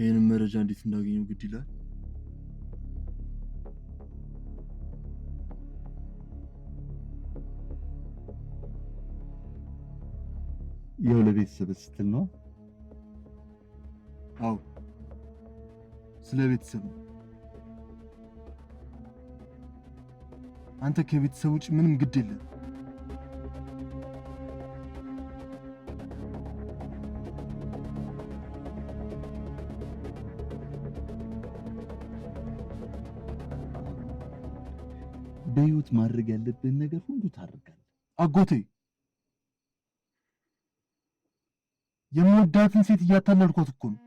ይህንን መረጃ እንዴት እንዳገኘው ግድ ይላል። ያው ለቤተሰብ ስትል ነው። አዎ ስለ ቤተሰብ ነው። አንተ ከቤተሰብ ውጭ ምንም ግድ የለም። በህይወት ማድረግ ያለብን ነገር ሁሉ ታደርጋለህ። አጎቴ የምወዳትን ሴት እያታለልኳት እኮ ነው።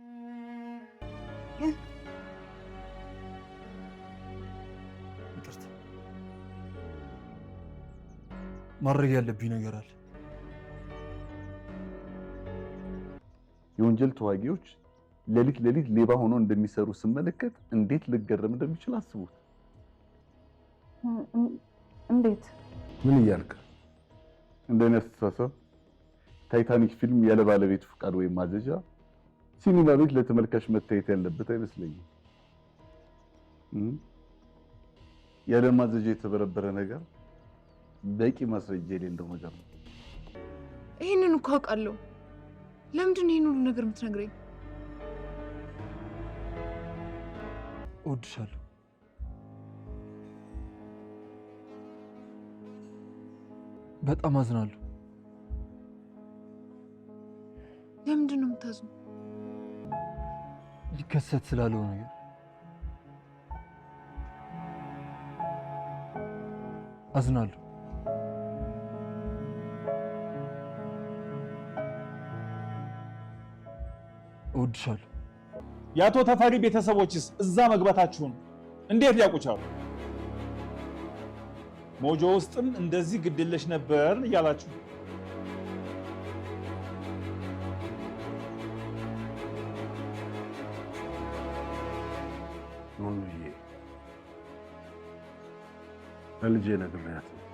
ማድረግ ያለብኝ ነገር አለ። የወንጀል ተዋጊዎች ሌሊት ሌሊት ሌባ ሆኖ እንደሚሰሩ ስመለከት እንዴት ልገረም እንደሚችል አስቡት። እንዴት? ምን እያልክ? እንደኔ አስተሳሰብ ታይታኒክ ፊልም ያለ ባለቤቱ ፍቃድ ወይም ማዘዣ ሲኒማ ቤት ለተመልካች መታየት ያለበት አይመስለኝም። ያለ ማዘዣ የተበረበረ ነገር በቂ ማስረጃ የሌለው ነገር ነው። ይህንን እኮ አውቃለሁ። ለምንድን ይህን ሁሉ ነገር የምትነግረኝ? እወድሻለሁ በጣም አዝናለሁ። ለምንድን ነው የምታዝኑ? ሊከሰት ስላለው ነገር አዝናለሁ። እወድሻለሁ። የአቶ ተፈሪ ቤተሰቦችስ እዛ መግባታችሁን እንዴት ሊያውቁ ቻሉ? ሞጆ ውስጥም እንደዚህ ግድለሽ ነበር እያላችሁ ኑኑዬ ለልጄ ነግሬያት ነው